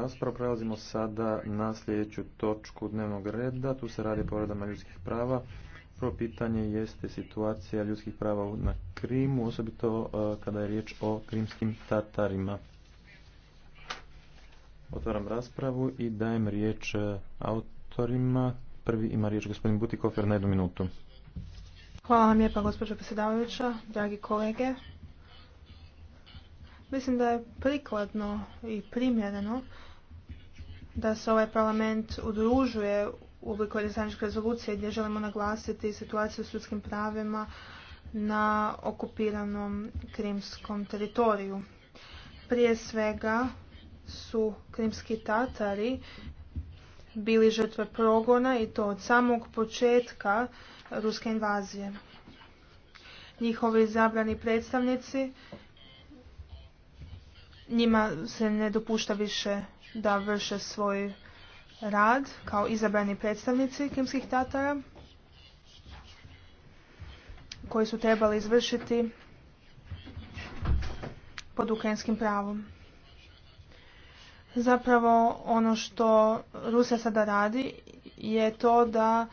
raspravu. Prelazimo sada na sljedeću točku dnevnog reda. Tu se radi o povredama ljudskih prava. Prvo pitanje jeste situacija ljudskih prava na Krimu, osobito e, kada je riječ o krimskim tatarima. Otvaram raspravu i dajem riječ e, autorima. Prvi ima riječ gospodin Butikofer na jednu minutu. Hvala vam lijepa gospođo predsjedavajuća, dragi kolege. Mislim da je prikladno i primjereno da se ovaj parlament udružuje u obliku rezaničke rezolucije gdje želimo naglasiti situaciju s ljudskim pravima na okupiranom krimskom teritoriju. Prije svega su krimski tatari bili žrtve progona i to od samog početka ruske invazije. Njihovi zabrani predstavnici njima se ne dopušta više da vrše svoj rad kao izabrani predstavnici krimskih tatara koji su trebali izvršiti pod ukrajinskim pravom. Zapravo ono što Rusija sada radi je to da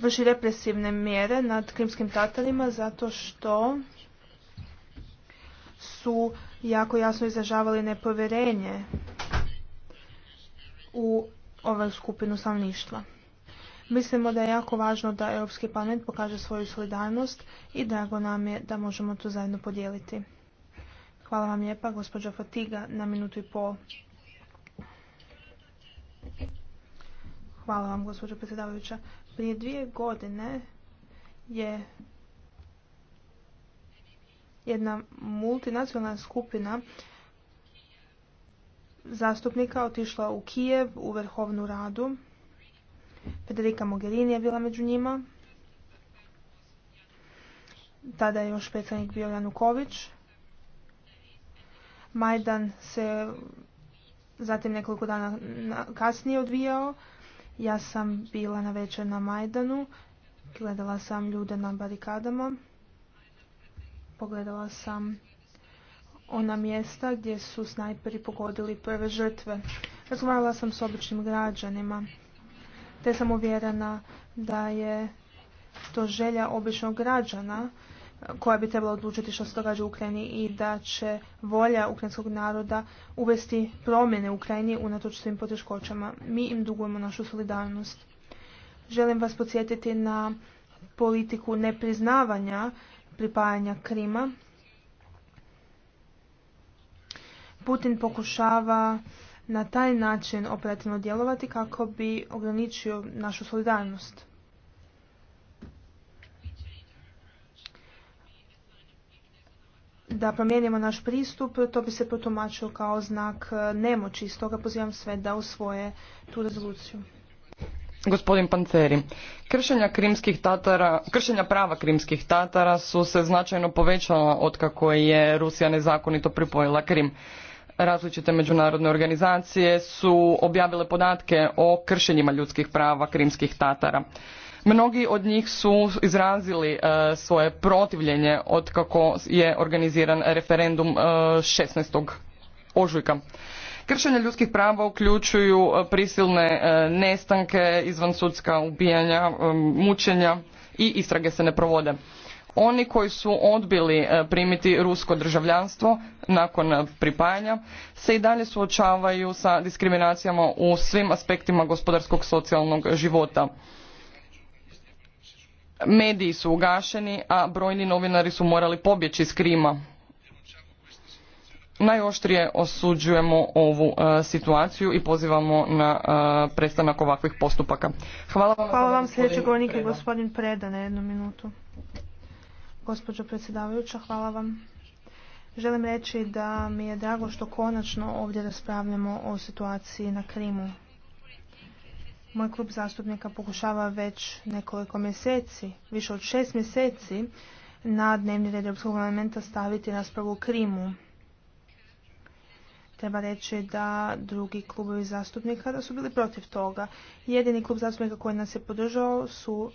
vrši represivne mjere nad krimskim tatarima zato što su jako jasno izražavali nepovjerenje u ovaj skupinu stanovništva. Mislimo da je jako važno da Europski parlament pokaže svoju solidarnost i drago nam je da možemo to zajedno podijeliti. Hvala vam lijepa, gospođa Fatiga, na minutu i pol. Hvala vam, gospođo predsjedavajuća. Prije dvije godine je jedna multinacionalna skupina zastupnika otišla u Kijev, u Vrhovnu radu. Federica Mogherini je bila među njima. Tada je još predsjednik bio Januković. Majdan se zatim nekoliko dana kasnije odvijao. Ja sam bila na večer na Majdanu. Gledala sam ljude na barikadama pogledala sam ona mjesta gdje su snajperi pogodili prve žrtve. Razgovarala sam s običnim građanima, te sam uvjerena da je to želja običnog građana eh, koja bi trebala odlučiti što se događa u Ukrajini i da će volja ukrajinskog naroda uvesti promjene u Ukrajini unatoč svim poteškoćama. Mi im dugujemo našu solidarnost. Želim vas podsjetiti na politiku nepriznavanja pripajanja Krima. Putin pokušava na taj način operativno djelovati kako bi ograničio našu solidarnost. Da promijenimo naš pristup, to bi se protumačilo kao znak nemoći. Stoga pozivam sve da usvoje tu rezoluciju gospodin Panceri. Kršenja, krimskih tatara, kršenja prava krimskih tatara su se značajno povećala kako je Rusija nezakonito pripojila Krim. Različite međunarodne organizacije su objavile podatke o kršenjima ljudskih prava krimskih tatara. Mnogi od njih su izrazili e, svoje protivljenje otkako je organiziran referendum e, 16. ožujka. Kršenje ljudskih prava uključuju e, prisilne e, nestanke, izvansudska ubijanja, e, mučenja i istrage se ne provode. Oni koji su odbili primiti rusko državljanstvo nakon pripajanja se i dalje suočavaju sa diskriminacijama u svim aspektima gospodarskog socijalnog života. Mediji su ugašeni, a brojni novinari su morali pobjeći iz Krima najoštrije osuđujemo ovu e, situaciju i pozivamo na e, prestanak ovakvih postupaka. Hvala vam. sljedeći govornik gospodin Preda na jednu minutu. Gospođo predsjedavajuća, hvala vam. Želim reći da mi je drago što konačno ovdje raspravljamo o situaciji na Krimu. Moj klub zastupnika pokušava već nekoliko mjeseci, više od šest mjeseci, na dnevni red Europskog parlamenta staviti raspravu o Krimu Treba reći da drugi klubovi zastupnika da su bili protiv toga. Jedini klub zastupnika koji nas je podržao su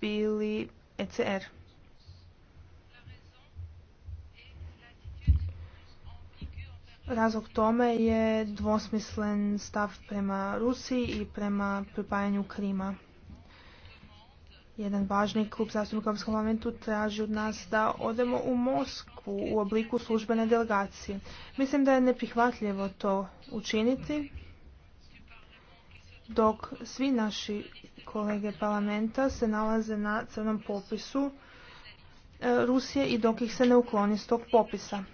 bili ECR. Razlog tome je dvosmislen stav prema Rusiji i prema pripajanju Krima. Jedan važni klub zastupnika u ovom momentu traži od nas da odemo u Moskvu u obliku službene delegacije. Mislim da je neprihvatljivo to učiniti dok svi naši kolege parlamenta se nalaze na crnom popisu e, Rusije i dok ih se ne ukloni s tog popisa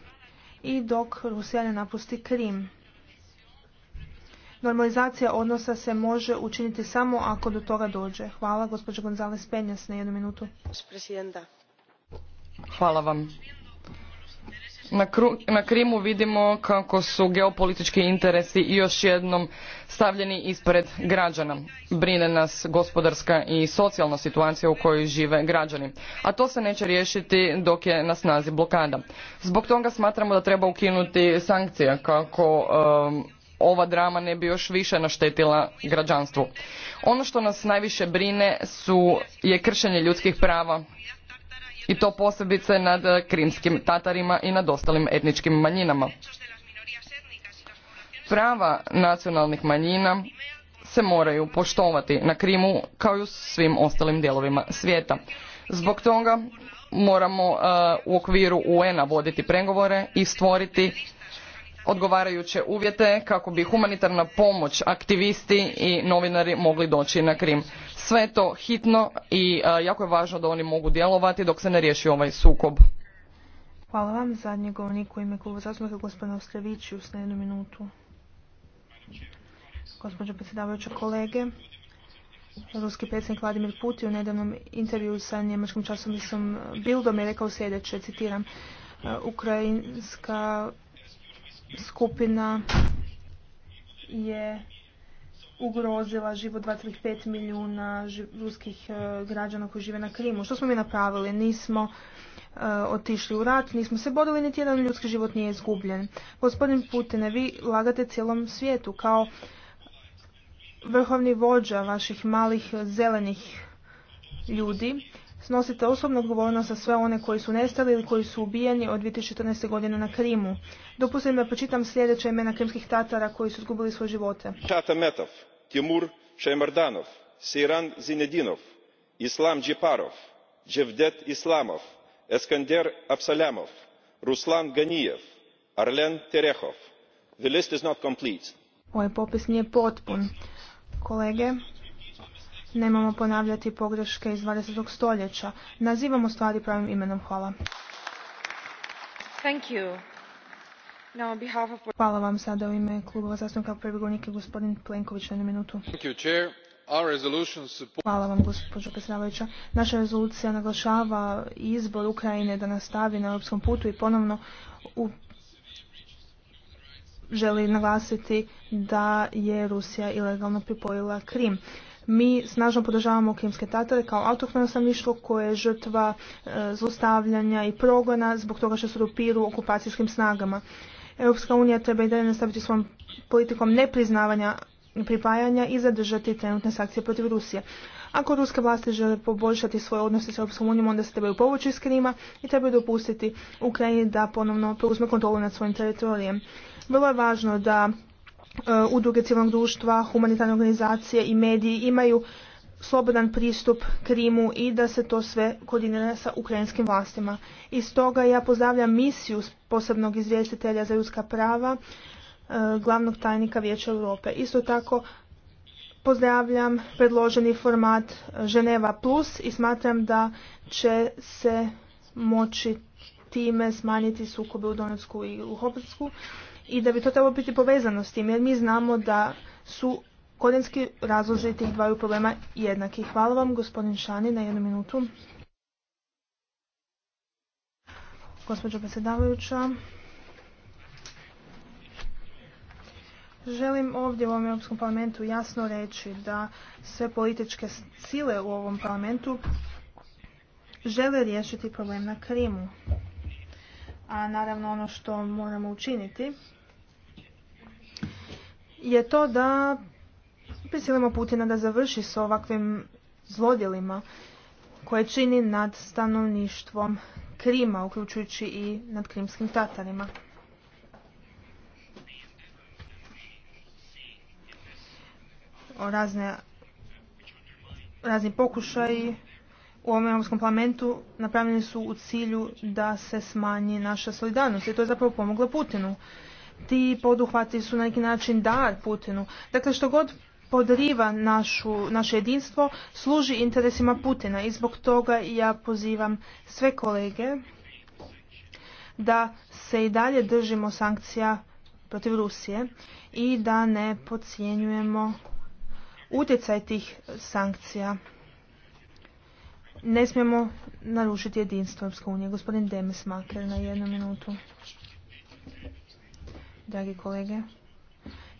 i dok Rusija ne napusti Krim. Normalizacija odnosa se može učiniti samo ako do toga dođe. Hvala, gospođo Gonzalez Penjas, na jednu minutu. Hvala vam. Na, Krimu vidimo kako su geopolitički interesi još jednom stavljeni ispred građana. Brine nas gospodarska i socijalna situacija u kojoj žive građani. A to se neće riješiti dok je na snazi blokada. Zbog toga smatramo da treba ukinuti sankcije kako um, ova drama ne bi još više naštetila građanstvu. Ono što nas najviše brine su je kršenje ljudskih prava i to posebice nad e, krimskim tatarima i nad ostalim etničkim manjinama. Prava nacionalnih manjina se moraju poštovati na Krimu kao i u svim ostalim dijelovima svijeta. Zbog toga moramo e, u okviru UN-a voditi pregovore i stvoriti odgovarajuće uvjete kako bi humanitarna pomoć aktivisti i novinari mogli doći na Krim. Sve je to hitno i jako je važno da oni mogu djelovati dok se ne riješi ovaj sukob. Hvala vam. Zadnji govornik u ime kluba zastupnika gospodina Ostrevići, u jednu minutu. Gospodin predsjedavajuća kolege, Ruski predsjednik Vladimir Putin u nedavnom intervju sa njemačkom časom Bildom je rekao sljedeće, citiram, Ukrajinska skupina je ugrozila život 2,5 milijuna ruskih e, građana koji žive na Krimu. Što smo mi napravili? Nismo e, otišli u rat, nismo se borili, niti jedan ljudski život nije izgubljen. Gospodin Putine, vi lagate cijelom svijetu kao vrhovni vođa vaših malih zelenih ljudi snosite osobnu odgovornost za sve one koji su nestali ili koji su ubijeni od 2014. godine na Krimu. Dopustite da pročitam sljedeća imena krimskih tatara koji su izgubili svoje živote. Tata Metov, Timur Šajmardanov, siran Zinedinov, Islam Džiparov, Dževdet Islamov, Eskander Absalamov, Ruslan Ganijev, Arlen Terehov. The list is not complete. Ovaj popis nije potpun. Kolege, Nemamo ponavljati pogreške iz 20. stoljeća. Nazivamo stvari pravim imenom. Hvala. Thank you. Hvala vam sada u ime klubova zastupnika prvi gospodin Plenković na jednu minutu. Hvala vam, gospođo predsjedavajuća. Naša rezolucija naglašava izbor Ukrajine da nastavi na europskom putu i ponovno želi naglasiti da je Rusija ilegalno pripojila Krim. Mi snažno podržavamo krimske tatare kao autohtono stanovništvo koje je žrtva e, zlostavljanja i progona zbog toga što su rupiru okupacijskim snagama. Europska unija treba i dalje nastaviti svojom politikom nepriznavanja pripajanja i zadržati trenutne sankcije protiv Rusije. Ako ruske vlasti žele poboljšati svoje odnose s Europskom unijom, onda se trebaju povući iz Krima i trebaju dopustiti Ukrajini da ponovno preuzme kontrolu nad svojim teritorijem. Vrlo je važno da E, udruge civilnog društva, humanitarne organizacije i mediji imaju slobodan pristup Krimu i da se to sve koordinira sa ukrajinskim vlastima. I stoga ja pozdravljam misiju posebnog izvjestitelja za ljudska prava e, glavnog tajnika Vijeća Europe. Isto tako pozdravljam predloženi format Ženeva Plus i smatram da će se moći time smanjiti sukobe u Donetsku i u Hobrtsku i da bi to trebalo biti povezano s tim jer mi znamo da su korenski razlozi tih dvaju problema jednaki. Hvala vam gospodin Šani na jednu minutu. Gospođo predsjedavajuća, Želim ovdje u ovom Europskom parlamentu jasno reći da sve političke sile u ovom parlamentu žele riješiti problem na Krimu. A naravno ono što moramo učiniti je to da prisilimo Putina da završi s ovakvim zlodjelima koje čini nad stanovništvom Krima, uključujući i nad krimskim tatarima. O razne, razni pokušaji u ovom Europskom parlamentu napravljeni su u cilju da se smanji naša solidarnost i to je zapravo pomoglo Putinu ti poduhvati su na neki način dar Putinu. Dakle, što god podriva našu, naše jedinstvo, služi interesima Putina i zbog toga ja pozivam sve kolege da se i dalje držimo sankcija protiv Rusije i da ne podcjenjujemo utjecaj tih sankcija. Ne smijemo narušiti jedinstvo Europske unije. Gospodin Demis na jednu minutu dragi kolege.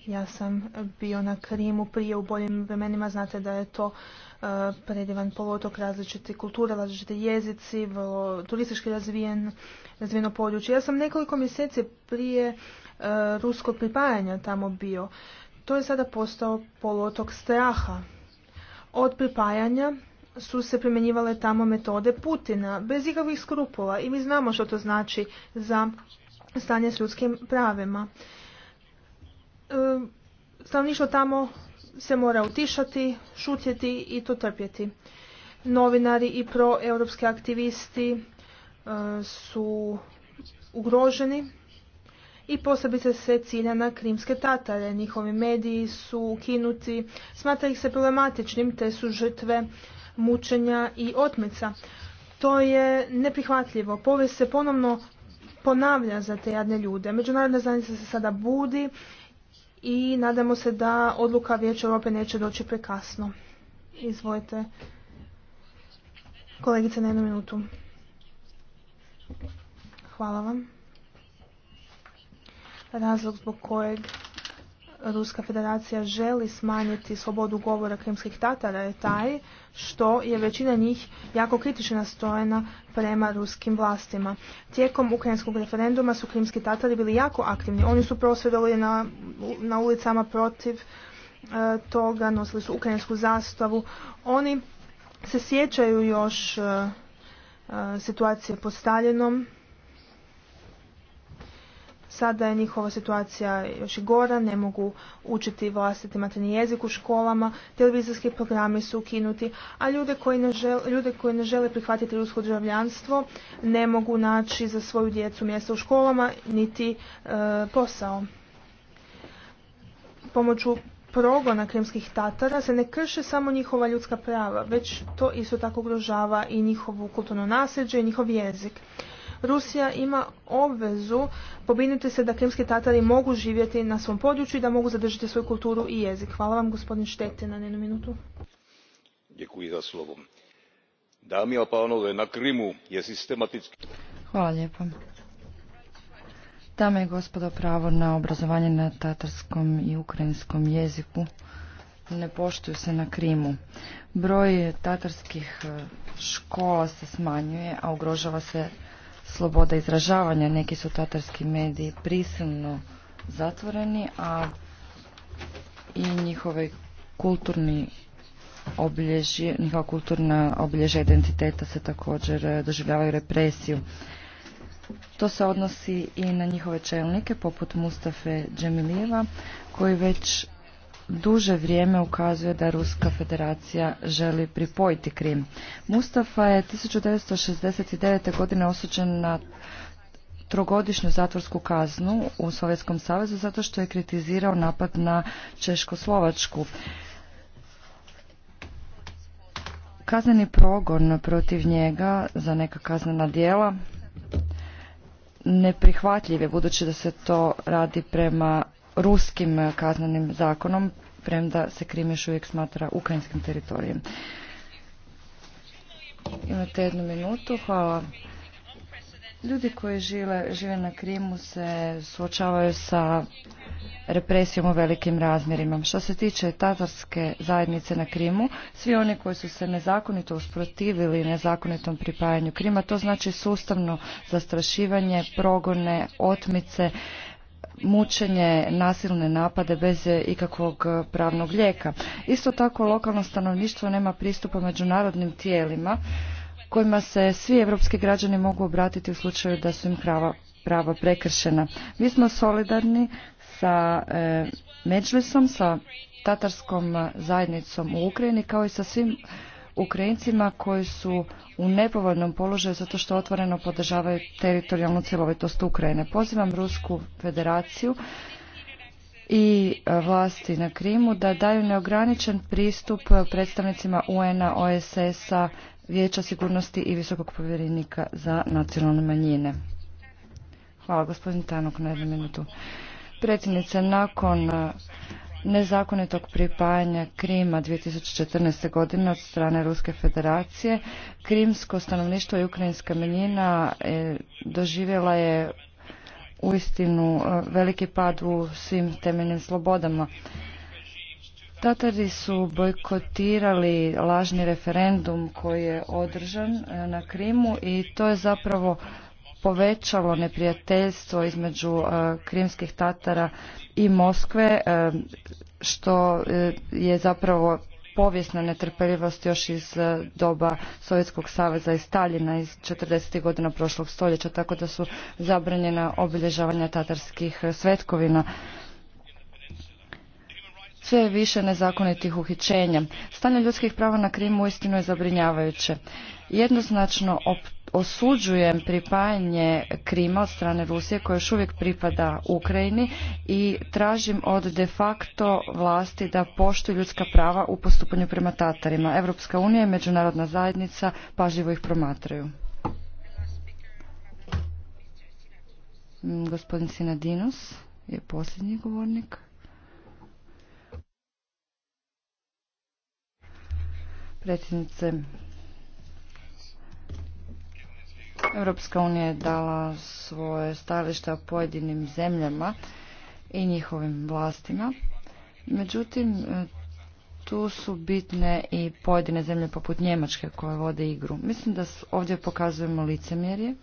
Ja sam bio na Krimu prije u boljim vremenima, znate da je to e, predivan polotok različite kulture, različite jezici, turistički razvijen, razvijeno područje. Ja sam nekoliko mjeseci prije e, ruskog pripajanja tamo bio. To je sada postao polotok straha. Od pripajanja su se primjenjivale tamo metode Putina, bez ikakvih skrupula i mi znamo što to znači za stanje s ljudskim pravima. E, stanovništvo tamo se mora utišati, šutjeti i to trpjeti. Novinari i proeuropski aktivisti e, su ugroženi i posebice se cilja na krimske tatare. Njihovi mediji su ukinuti, smatra ih se problematičnim te su žrtve mučenja i otmica. To je neprihvatljivo. Povijest se ponovno ponavlja za te jadne ljude. Međunarodna zajednica se sada budi i nadamo se da odluka Vijeća Europe neće doći prekasno. Izvojte. Kolegice, na jednu minutu. Hvala vam. Razlog zbog kojeg Ruska federacija želi smanjiti slobodu govora krimskih tatara je taj što je većina njih jako kritično nastrojena prema ruskim vlastima. Tijekom ukrajinskog referenduma su krimski tatari bili jako aktivni. Oni su prosvjedovali na, na ulicama protiv e, toga, nosili su ukrajinsku zastavu. Oni se sjećaju još e, e, situacije pod Stalinom Sada je njihova situacija još i gora, ne mogu učiti vlastiti materni jezik u školama, televizijski programi su ukinuti, a ljude koji ne žele, prihvatiti rusko državljanstvo ne mogu naći za svoju djecu mjesto u školama niti e, posao. Pomoću progona krimskih tatara se ne krše samo njihova ljudska prava, već to isto tako ugrožava i njihovo kulturno nasljeđe i njihov jezik. Rusija ima obvezu Pobinite se da krimski tatari mogu živjeti na svom području i da mogu zadržati svoju kulturu i jezik. Hvala vam gospodin Štetina na jednu minutu. Děkuji za slovo. a na Krimu je systematicky... Hvala lijepo. Dame i gospodo, pravo na obrazovanje na tatarskom i ukrajinskom jeziku ne poštuju se na Krimu. Broj tatarskih eh, škola se smanjuje, a ugrožava se sloboda izražavanja. Neki su tatarski mediji prisilno zatvoreni, a i njihove kulturni obilježje, njihova kulturna obilježja identiteta se također e, doživljavaju represiju. To se odnosi i na njihove čelnike poput Mustafe Džemilijeva koji već duže vrijeme ukazuje da Ruska federacija želi pripojiti Krim. Mustafa je 1969. godine osuđen na trogodišnju zatvorsku kaznu u Sovjetskom savezu zato što je kritizirao napad na Češko-Slovačku. Kazneni progon protiv njega za neka kaznena djela neprihvatljiv je budući da se to radi prema ruskim e, kaznenim zakonom, premda se Krim uvijek smatra ukrajinskim teritorijem. Imate jednu minutu, hvala. Ljudi koji žive, žive na Krimu se suočavaju sa represijom u velikim razmjerima. Što se tiče tatarske zajednice na Krimu, svi oni koji su se nezakonito usprotivili nezakonitom pripajanju Krima, to znači sustavno zastrašivanje, progone, otmice, mučenje, nasilne napade bez ikakvog pravnog lijeka. Isto tako lokalno stanovništvo nema pristupa međunarodnim tijelima kojima se svi europski građani mogu obratiti u slučaju da su im prava, prekršena. Mi smo solidarni sa e, sa tatarskom zajednicom u Ukrajini kao i sa svim Ukrajincima koji su u nepovoljnom položaju zato što otvoreno podržavaju teritorijalnu cjelovitost Ukrajine. Pozivam Rusku federaciju i e, vlasti na Krimu da daju neograničen pristup predstavnicima UN-a, OSS-a, Vijeća sigurnosti i visokog povjerenika za nacionalne manjine. Hvala gospodin Tanok na jednu minutu. Predsjednice, nakon e, nezakonitog pripajanja Krima 2014. godine od strane Ruske federacije. Krimsko stanovništvo i ukrajinska manjina e, doživjela je uistinu e, veliki pad u svim temeljnim slobodama. Tatari su bojkotirali lažni referendum koji je održan e, na Krimu i to je zapravo povećalo neprijateljstvo između e, krimskih Tatara i Moskve, e, što e, je zapravo povijesna netrpeljivost još iz doba Sovjetskog saveza i Staljina iz 40. godina prošlog stoljeća, tako da su zabranjena obilježavanja tatarskih svetkovina sve je više nezakonitih uhićenja. Stanje ljudskih prava na Krimu uistinu je zabrinjavajuće. Jednoznačno osuđujem pripajanje Krima od strane Rusije koja još uvijek pripada Ukrajini i tražim od de facto vlasti da poštuju ljudska prava u postupanju prema Tatarima. Evropska unija i međunarodna zajednica pažljivo ih promatraju. Mm, gospodin Sinadinos je posljednji govornik. predsjednice. Europska unija je dala svoje stajalište o pojedinim zemljama i njihovim vlastima. Međutim, tu su bitne i pojedine zemlje poput Njemačke koje vode igru. Mislim da ovdje pokazujemo licemjerje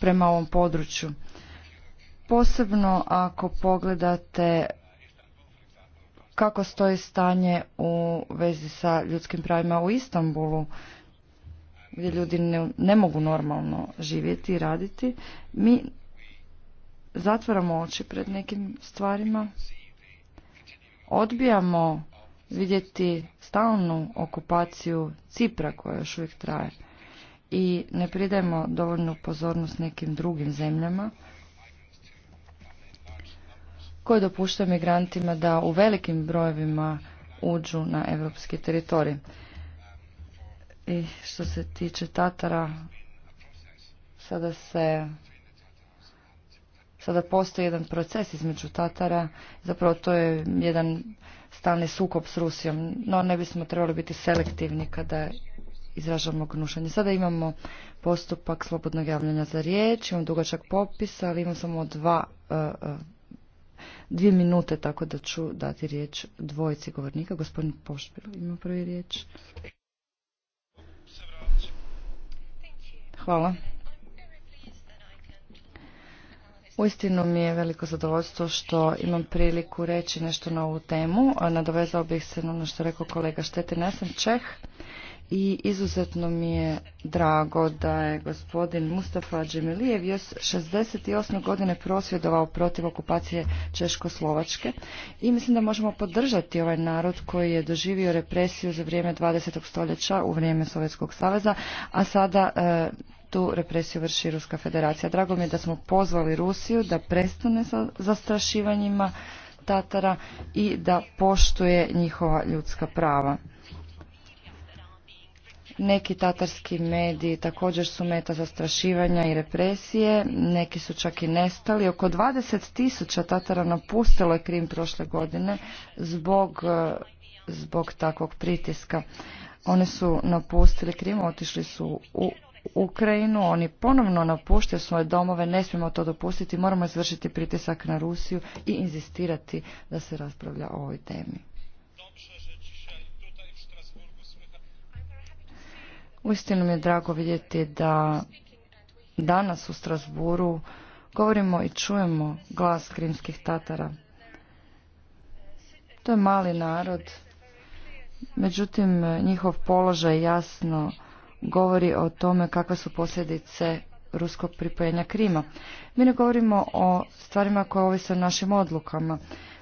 prema ovom području. Posebno ako pogledate kako stoji stanje u vezi sa ljudskim pravima u Istanbulu, gdje ljudi ne, ne mogu normalno živjeti i raditi, mi zatvaramo oči pred nekim stvarima, odbijamo vidjeti stalnu okupaciju Cipra koja još uvijek traje i ne pridajemo dovoljnu pozornost nekim drugim zemljama koje dopuštaju migrantima da u velikim brojevima uđu na europski teritorij. I što se tiče Tatara, sada se sada postoji jedan proces između Tatara, zapravo to je jedan stalni sukob s Rusijom, no ne bismo trebali biti selektivni kada izražavamo gnušanje. Sada imamo postupak slobodnog javljanja za riječ, imamo dugačak popis, ali imamo samo dva e, e, dvije minute, tako da ću dati riječ dvojici govornika. Gospodin Pošpil ima prvi riječ. Hvala. Uistinu mi je veliko zadovoljstvo što imam priliku reći nešto na ovu temu. Nadovezao bih se na ono što rekao kolega Štetina. Ja sam Čeh i izuzetno mi je drago da je gospodin Mustafa Džemilijev još 68. godine prosvjedovao protiv okupacije Češko-Slovačke i mislim da možemo podržati ovaj narod koji je doživio represiju za vrijeme 20. stoljeća u vrijeme Sovjetskog saveza, a sada e, tu represiju vrši Ruska federacija. Drago mi je da smo pozvali Rusiju da prestane sa zastrašivanjima Tatara i da poštuje njihova ljudska prava. Neki tatarski mediji također su meta zastrašivanja i represije, neki su čak i nestali. Oko 20 tisuća Tatara napustilo je Krim prošle godine zbog, e, zbog takvog pritiska. One su napustili Krim, otišli su u Ukrajinu, oni ponovno napuštaju svoje domove, ne smijemo to dopustiti, moramo izvršiti pritisak na Rusiju i inzistirati da se raspravlja o ovoj temi. Uistinu mi je drago vidjeti da danas u Strasburu govorimo i čujemo glas krimskih tatara. To je mali narod, međutim njihov položaj jasno govori o tome kakve su posljedice ruskog pripojenja Krima. Mi ne govorimo o stvarima koje ovise o našim odlukama.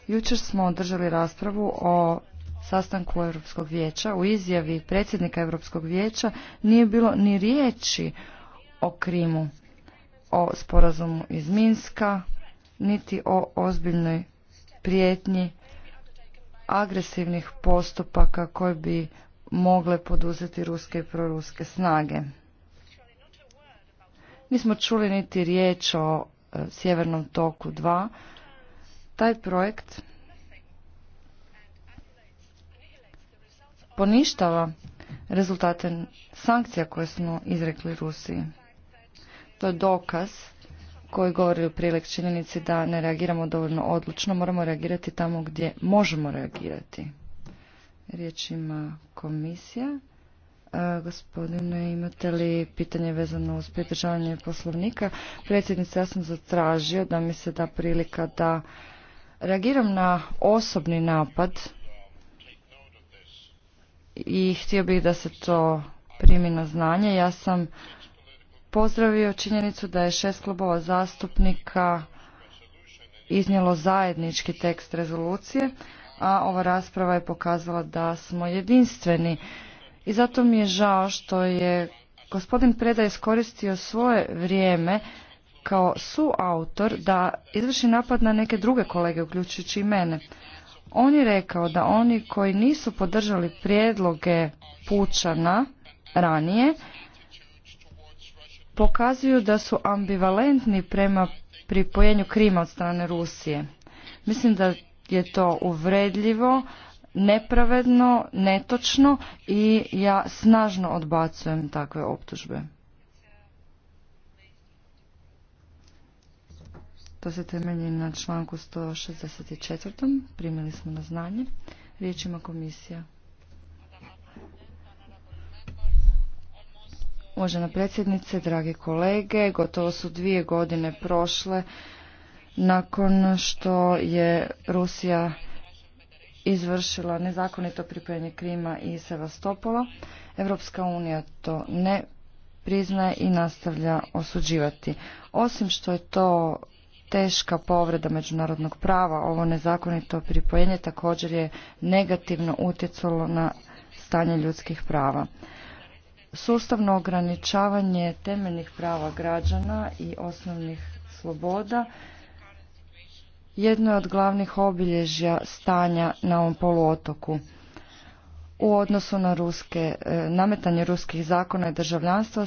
Jučer smo održali raspravu o sastanku Europskog vijeća u izjavi predsjednika Europskog vijeća nije bilo ni riječi o Krimu, o sporazumu iz Minska, niti o ozbiljnoj prijetnji agresivnih postupaka koje bi mogle poduzeti ruske i proruske snage. Nismo čuli niti riječ o e, Sjevernom toku 2. Taj projekt poništava rezultate sankcija koje smo izrekli Rusiji. To je dokaz koji govori u prilog činjenici da ne reagiramo dovoljno odlučno, moramo reagirati tamo gdje možemo reagirati. Riječ ima komisija. A, e, gospodine, imate li pitanje vezano uz pridržavanje poslovnika? Predsjednice, ja sam zatražio da mi se da prilika da reagiram na osobni napad i htio bih da se to primi na znanje. Ja sam pozdravio činjenicu da je šest klubova zastupnika iznijelo zajednički tekst rezolucije, a ova rasprava je pokazala da smo jedinstveni. I zato mi je žao što je gospodin Preda iskoristio svoje vrijeme kao suautor da izvrši napad na neke druge kolege, uključujući i mene. On je rekao da oni koji nisu podržali prijedloge Pučana ranije pokazuju da su ambivalentni prema pripojenju Krima od strane Rusije. Mislim da je to uvredljivo, nepravedno, netočno i ja snažno odbacujem takve optužbe. To se temelji na članku 164. Primili smo na znanje. Riječ ima komisija. Uvažena predsjednice, dragi kolege, gotovo su dvije godine prošle nakon što je Rusija izvršila nezakonito pripojenje Krima i Sevastopola. Evropska unija to ne priznaje i nastavlja osuđivati. Osim što je to teška povreda međunarodnog prava. Ovo nezakonito pripojenje također je negativno utjecalo na stanje ljudskih prava. Sustavno ograničavanje temeljnih prava građana i osnovnih sloboda jedno je od glavnih obilježja stanja na ovom poluotoku u odnosu na ruske, e, nametanje ruskih zakona i državljanstva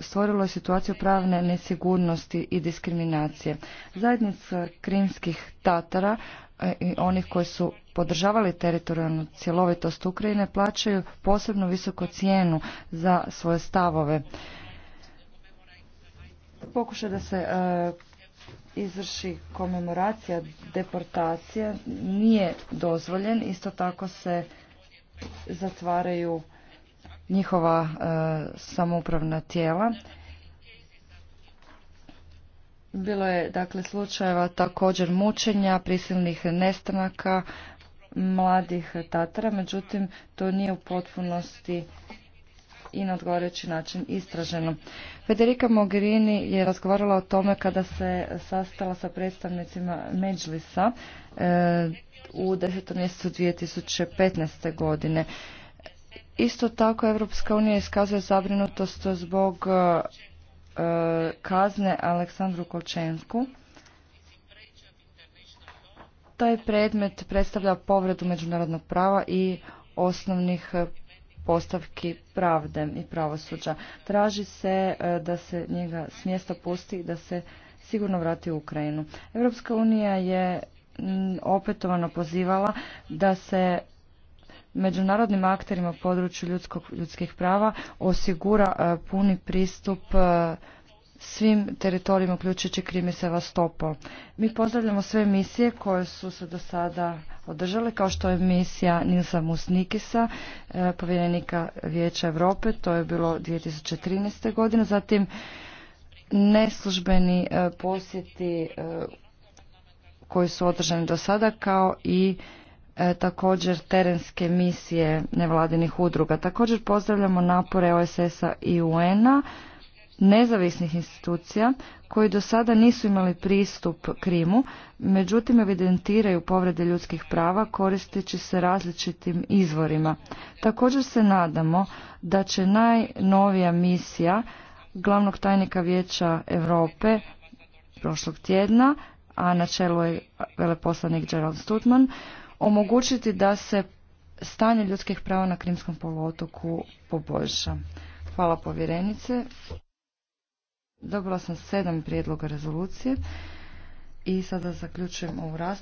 stvorilo je situaciju pravne nesigurnosti i diskriminacije. Zajednica krimskih Tatara e, i onih koji su podržavali teritorijalnu cjelovitost Ukrajine plaćaju posebno visoku cijenu za svoje stavove. Pokušaj da se e, izvrši komemoracija deportacije nije dozvoljen, isto tako se zatvaraju njihova e, samoupravna tijela. Bilo je dakle slučajeva također mučenja, prisilnih nestanaka mladih Tatara, međutim to nije u potpunosti i na odgovarajući način istraženo. Federica Mogherini je razgovarala o tome kada se sastala sa predstavnicima Međlisa e, u 10. mjesecu 2015. godine. Isto tako Evropska unija iskazuje zabrinutost zbog e, kazne Aleksandru Kolčensku. Taj predmet predstavlja povredu međunarodnog prava i osnovnih postavki pravde i pravosuđa. Traži se e, da se njega s mjesta pusti i da se sigurno vrati u Ukrajinu. Europska unija je opetovano pozivala da se međunarodnim akterima u području ljudskih prava osigura e, puni pristup e, svim teritorijima, uključujući Krim i Sevastopol. Mi pozdravljamo sve misije koje su se do sada održale, kao što je misija Nilsa Musnikisa, e, povjerenika Vijeća Europe, to je bilo 2013. godine, zatim neslužbeni e, posjeti e, koji su održani do sada, kao i također terenske misije nevladinih udruga. Također pozdravljamo napore OSS-a i UN-a nezavisnih institucija koji do sada nisu imali pristup Krimu, međutim evidentiraju povrede ljudskih prava koristeći se različitim izvorima. Također se nadamo da će najnovija misija glavnog tajnika Vijeća Europe prošlog tjedna, a na čelu je veleposlanik Gerald Stutman, omogućiti da se stanje ljudskih prava na Krimskom poluotoku poboljša. Hvala povjerenice. Dobila sam sedam prijedloga rezolucije i sada zaključujem ovu raspravu.